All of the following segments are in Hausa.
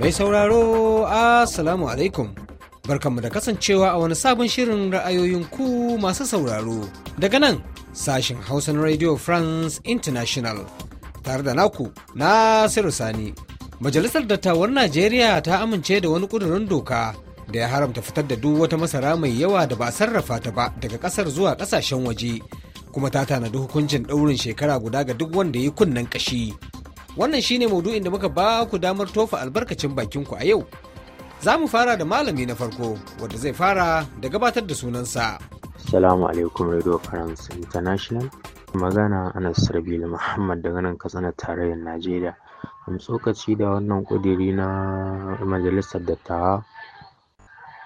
Mai sauraro Assalamu alaikum. Barkanmu da kasancewa a wani sabon shirin ra'ayoyin ku masu sauraro daga nan sashen Hausa na Radio France International tare da naku Nasiru Sani. Majalisar Dattawar Najeriya ta amince da wani ƙudurin doka da ya haramta fitar da duk wata masara mai yawa da ba sarrafa ta ba daga ƙasar zuwa ƙasashen waje. kuma ta tanadi hukuncin ɗaurin shekara guda ga duk wanda ya kunnen ƙashi. Wannan shine maudu'in da muka ba ku damar tofa albarkacin bakin ku a yau. Za mu fara da malami na farko wanda zai fara da gabatar da sunansa. salamu alaikum Radio France International. Magana Anas Rabilu Muhammad daga nan Katsina tarayyar Najeriya. a tsokaci da wannan kudiri na majalisar dattawa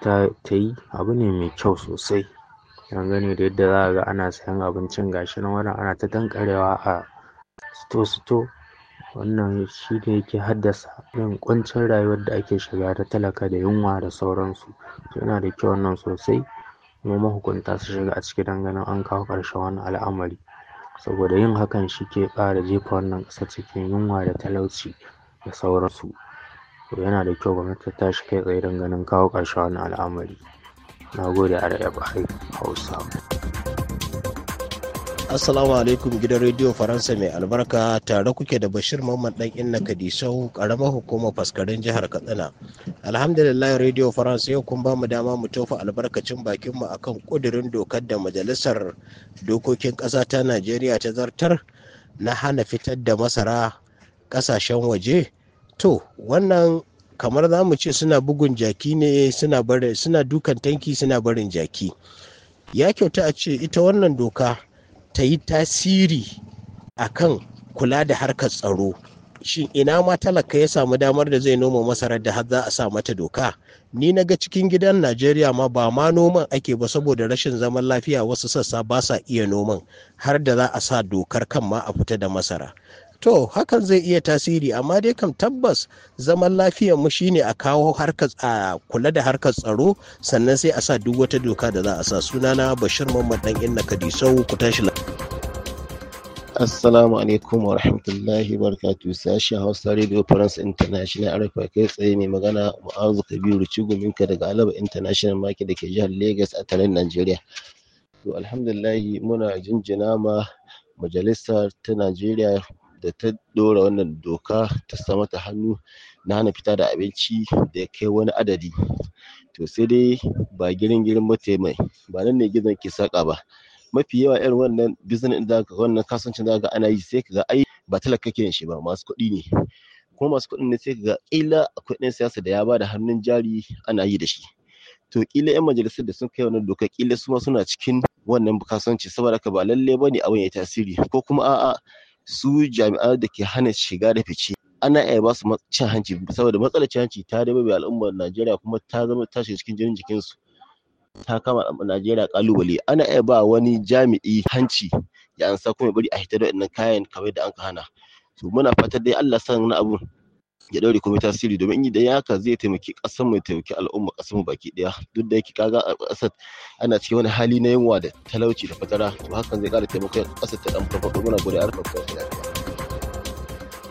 ta yi abu ne mai kyau sosai. ne da yadda za a ga ana sayan abincin gashi nan wannan ana ta dankarewa a sito-sito wannan shi ne yake haddasa yin ƙuncin rayuwar da ake shiga ta talaka da yunwa da sauransu yana da kyau wannan sosai kuma mahukunta su shiga a ciki don ganin an kawo ƙarshen wannan al'amari saboda yin hakan shi ke ƙara jefa wannan ƙasa cikin yunwa da talauci da sauransu to yana da kyau gwamnati ta tashi kai tsaye don ganin kawo ƙarshen wannan al'amari na gode rfi hausa Assalamu alaikum gidan rediyo Faransa mai albarka tare kuke da Bashir Mamman dan Inna Kadisau karamar hukumar faskarin jihar Katsina. Alhamdulillah rediyo Faransa yau kun ba mu dama mu tofa albarkacin bakin mu akan kudirin dokar da majalisar dokokin ƙasa ta Najeriya ta zartar na hana fitar da masara ƙasashen waje. To wannan kamar za mu ce suna bugun jaki ne suna suna dukan tanki suna barin jaki. Ya kyauta a ce ita wannan doka ta yi tasiri a kan kula da harkar tsaro shin ina ma talaka ya samu damar da zai noma masarar da har za a sa mata doka ni na ga cikin gidan najeriya ma ba ma noman ake ba saboda rashin zaman lafiya wasu sassa ba sa iya noman har da za a sa dokar kan ma a fita da masara to hakan zai iya tasiri amma dai kam tabbas zaman lafiyar mu shine a kawo harkar a kula da harkar tsaro sannan sai a sa duk wata doka da za a sa sunana bashir mamman dan inna kadisau ku tashi Assalamu alaikum wa rahmatullahi barkatu sashen Hausa Radio France International Arafa kai tsaye mai magana Mu'azu Kabiru ka daga Alaba International Market da ke jihar Lagos a tarin nigeria To alhamdulillahi muna jinjina ma majalisa ta Najeriya da ta ɗora wannan doka ta sa mata hannu na hana fita da abinci da ya kai wani adadi to sai dai ba girin girin ba mai ba nan ne gizon ke saƙa ba mafi yawa irin wannan business da ka wannan kasuwancin da ka ana yi sai ka ga ai ba talaka kake shi ba masu kuɗi ne kuma masu kuɗin ne sai ka ga ƙila akwai ɗan siyasa da ya ba da hannun jari ana yi da shi to kila yan majalisar da sun kai wannan doka kila su ma suna cikin wannan kasuwanci saboda haka ba lalle bane abin ya tasiri ko kuma a'a su jami'an da ke hana shiga da fice ana iya ba su cin hanci saboda matsalar cin hanci ta mai al'ummar Najeriya kuma ta zama ta shiga cikin jinin jikinsu ta kama Najeriya kalubale ana iya ba wani jami'i hanci ya ansa kuma bari a hita da wannan kayan kamar da an ka hana to muna fatan dai Allah san na abun ya ɗaure komai tasiri domin idan ya haka zai taimaki ƙasar mai taimaki al'umma ƙasar mu baki ɗaya duk da yake kaga a ƙasar ana cikin wani hali na yunwa da talauci da fatara to hakan zai ƙara taimakon ƙasar ta ɗan farfaɗo muna gode a harkar kasuwanci.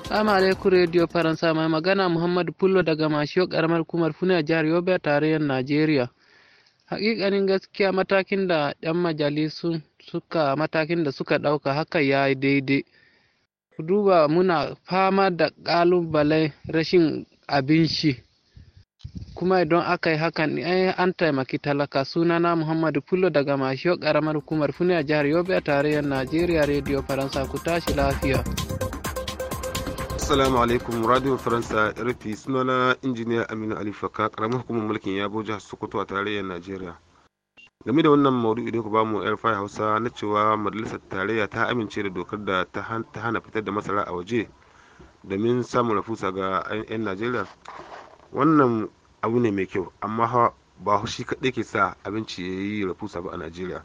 Salamu alaikum Radio Faransa mai magana Muhammad Pullo daga Mashiyo karamar kumar Funa jihar Yobe tarayyar Najeriya. Hakikanin gaskiya matakin da 'yan majalisun suka matakin da suka ɗauka haka ya yi daidai Ku duba muna fama da ƙalubalen rashin abinci kuma idan aka yi hakan eh, an taimaki talaka sunana muhammadu fulo daga mashiyo karamar hukumar funa jihar yobe a tarayyar najeriya Radio faransa ku tashi lafiya Assalamu alaikum Radio Faransa RFI sunana injiniya Aminu Ali Faka karamar hukumar mulkin Yabo jihar Sokoto a tarayyar Najeriya. game da wannan maudu'i idan ku ba mu yar fai hausa na cewa majalisar tarayya ta amince da dokar da ta hana fitar da masara a waje domin samun rafusa ga 'yan najeriya wannan abu ne mai kyau amma ba shi kaɗai ke sa abinci ya yi rafusa ba a najeriya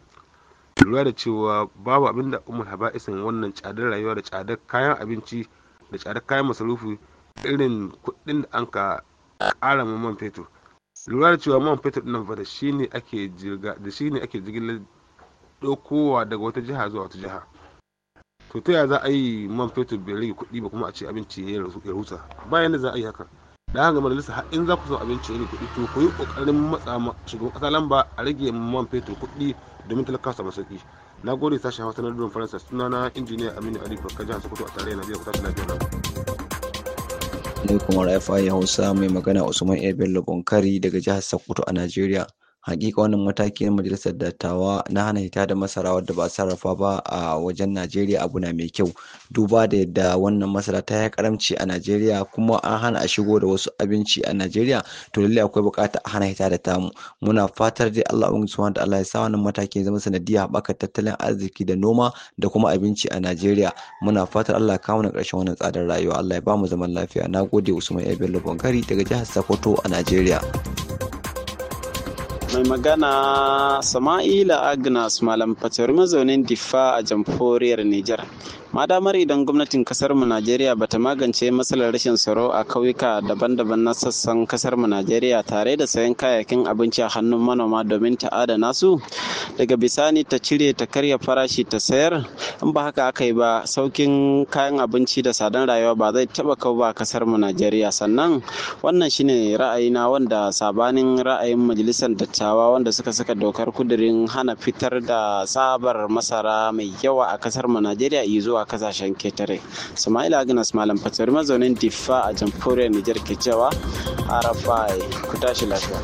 lura da cewa babu abin da umar haba'isin wannan tsadar rayuwa da tsadar kayan abinci da tsadar kayan masarufi irin kuɗin da an ka ƙara man fetur lura da cewa man fetur din da shi ne ake da shi ne ake jirgin ɗaukowa daga wata jiha zuwa wata jiha to ta za a yi man fetur bai rage kuɗi ba kuma a ce abinci ya rusa bayan da za a yi haka da haka majalisa lissa in za ku son abinci ya rage kuɗi to ku yi ƙoƙarin matsa ma shugaban ƙasa lamba a rage man fetur kuɗi domin talaka samu sauƙi na gode sashen hausa na duron faransa sunana injiniya aminu ali fakka jihar sokoto a tarayyar najeriya biyar tashi lafiya alaikum wa Hausa mai magana Usman A. bunkari daga jihar Sokoto a Najeriya. hakika wannan mataki na majalisar dattawa na hana hita da masara wadda ba sarrafa ba a wajen najeriya abu na mai kyau duba da yadda wannan masara ta yi karamci a najeriya kuma an hana a shigo da wasu abinci a najeriya to lallai akwai bukata a hana hita da tamu muna fatar dai allah ubangiji subhanahu da allah ya sa wannan mataki zama sanadiyar haɓaka tattalin arziki da noma da kuma abinci a najeriya muna fatar allah ya kawo na ƙarshen wannan tsadar rayuwa allah ya ba mu zaman lafiya na gode usman ya bello daga jihar sokoto a najeriya mai magana sama'ila agnes malam fatori mazaunin diffa a jamhuriyar niger madamar idan gwamnatin kasar mu najeriya bata magance matsalar rashin tsaro a kauyuka daban-daban na sassan kasar mu najeriya tare da sayan kayayyakin abinci a hannun manoma domin ta adana su daga bisani ta cire ta karya farashi ta sayar in ba haka aka yi ba saukin kayan abinci da sadan rayuwa ba zai taba kau ba kasar mu najeriya sannan wannan shine ra'ayina wanda sabanin ra'ayin majalisar dattawa wanda suka saka dokar kudirin hana fitar da sabar masara mai yawa a mu najeriya zuwa kasashen ketare sama'ila agnes malam fatori mazaunin diffa a jamhuriyar nijar ke cewa rfi ku tashi lafiya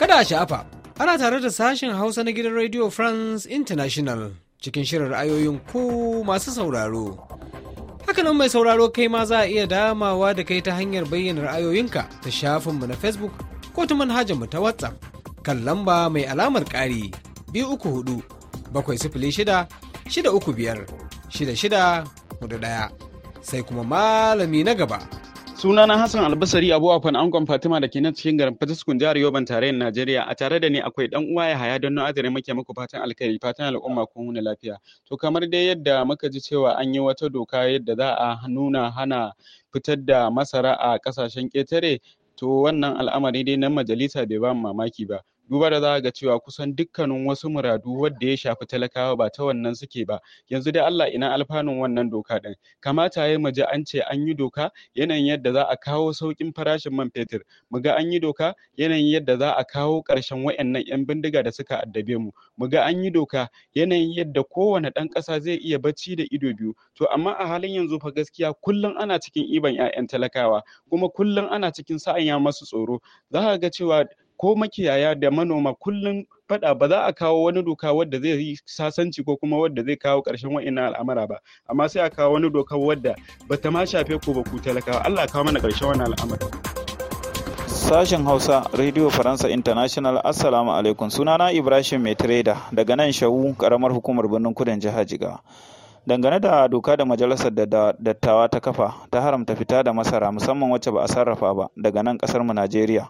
kada a sha'afa ana tare da sashen hausa na gidan radio france international cikin shirin ra'ayoyin ku masu sauraro hakanan mai sauraro kai ma za a iya damawa da kai ta hanyar bayyana ra'ayoyinka ta shafinmu na facebook ko ta manhajarmu ta whatsapp kan lamba mai alamar ƙari biyu uku hudu bakwai sifili shida shida uku biyar 6641 sai kuma malami na gaba. sunana Hassan Albasari Abu Afan Angon Fatima da ke nan cikin garin Fatiskun jihar Yoban tarayyar Najeriya a tare da ni akwai dan uwa ya haya don na'adari muke muku fatan alkhairi fatan al'umma kun huna lafiya to kamar dai yadda muka ji cewa an yi wata doka yadda za a nuna hana fitar da masara a kasashen ƙetare to wannan al'amari dai na majalisa bai ba mamaki ba duba da za ga cewa kusan dukkanin wasu muradu wadda ya shafi talakawa ba ta wannan suke ba yanzu dai Allah ina alfanun wannan doka din kamata yayi muje an ce an yi doka yanayin yadda za a kawo saukin farashin man fetur mu ga an yi doka yanayin yadda za a kawo karshen wayannan yan bindiga da suka addabe mu mu ga an yi doka yanayin yadda kowane ɗan kasa zai iya bacci da ido biyu to amma a halin yanzu fa gaskiya kullun ana cikin iban 'ya'yan talakawa kuma kullun ana cikin ya masu tsoro za ka ga cewa ko makiyaya da manoma kullum faɗa ba za a kawo wani doka wadda zai yi sasanci ko kuma wadda zai kawo ƙarshen wa'innan al'amara ba amma sai a kawo wani doka wadda ba ta ma shafe ko ba ku talakawa Allah kawo mana ƙarshen wannan al'amari. Sashen Hausa Radio Faransa International Assalamu alaikum sunana Ibrahim Metreda daga nan Shawu karamar hukumar birnin kudin jihar Jigawa. dangane da doka da majalisar da dattawa ta kafa ta haramta fita da masara musamman wacce ba a sarrafa ba daga nan kasar mu Najeriya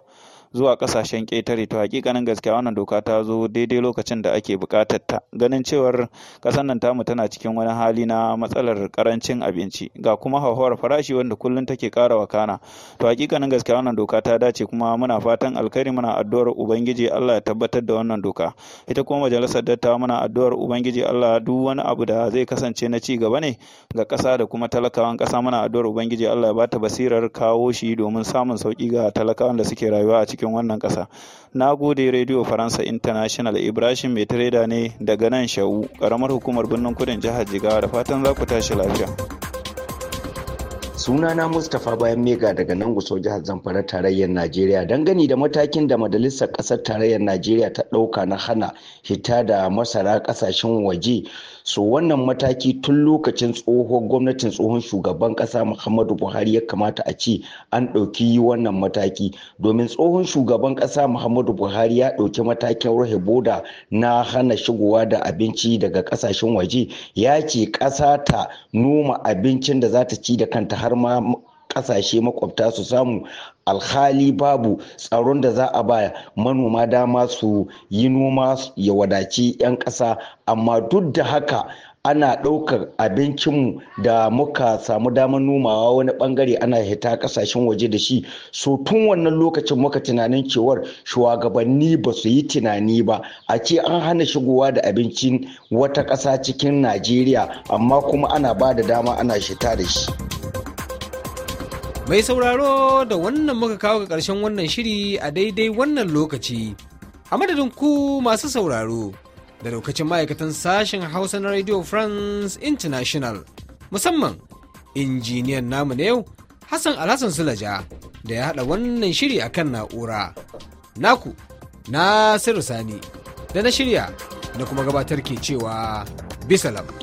zuwa kasashen ƙetare to hakikanin gaskiya wannan doka ta zo daidai lokacin da ake buƙatar ta ganin cewar ƙasar nan tamu tana cikin wani hali na matsalar karancin abinci ga kuma hauhawar farashi wanda kullum take ƙara wakana to hakikanin gaskiya wannan doka ta dace kuma muna fatan alkhairi muna addu'ar ubangiji Allah ya tabbatar da wannan doka ita kuma majalisar dattawa muna addu'ar ubangiji Allah duk wani abu da zai kasance na ci gaba ne ga ƙasa da kuma talakawan ƙasa muna addu'ar ubangiji Allah ya bata basirar kawo shi domin samun sauki ga talakawan da suke rayuwa a cikin cikin wannan ƙasa. Na gode Radio Faransa International Ibrahim mai ne daga nan Shau, ƙaramar hukumar birnin kudin jihar Jigawa da fatan za ku tashi lafiya. sunana mustapha bayan mega daga nan guso jihar zamfara tarayyar najeriya dangane da matakin da majalisar ƙasar tarayyar najeriya ta ɗauka na hana hita da masara ƙasashen waje so wannan mataki tun lokacin tsohon gwamnatin tsohon shugaban kasa muhammadu buhari ya kamata a ce an ɗauki wannan mataki domin tsohon shugaban kasa muhammadu buhari ya ɗauki matakin rufe boda na hana shigowa da abinci daga ƙasashen waje ya ce ƙasa ta noma abincin da za ta ci da kanta har ma kasashe makwabta su samu alhali babu tsaron da za a ba manoma dama su yi noma ya wadaci 'yan ƙasa amma duk da haka ana ɗaukar abincinmu da muka samu damar nomawa wani bangare ana hita ƙasashen waje da shi so tun wannan lokacin muka tunanin cewar shugabanni ba su yi tunani ba a ce an hana shigowa da abincin wata ƙasa cikin najeriya amma kuma ana ba da dama ana shita da shi Mai sauraro da wannan muka kawo ga ƙarshen wannan shiri a daidai wannan lokaci. A madadin ku masu sauraro da lokacin ma'aikatan sashen Hausa na Radio France International musamman injiniyan namu na yau Hassan Alhassan Sulaja da ya haɗa wannan shiri a kan na'ura. Naku, Nasiru Sani, da na shirya na kuma gabatar ke cewa bisa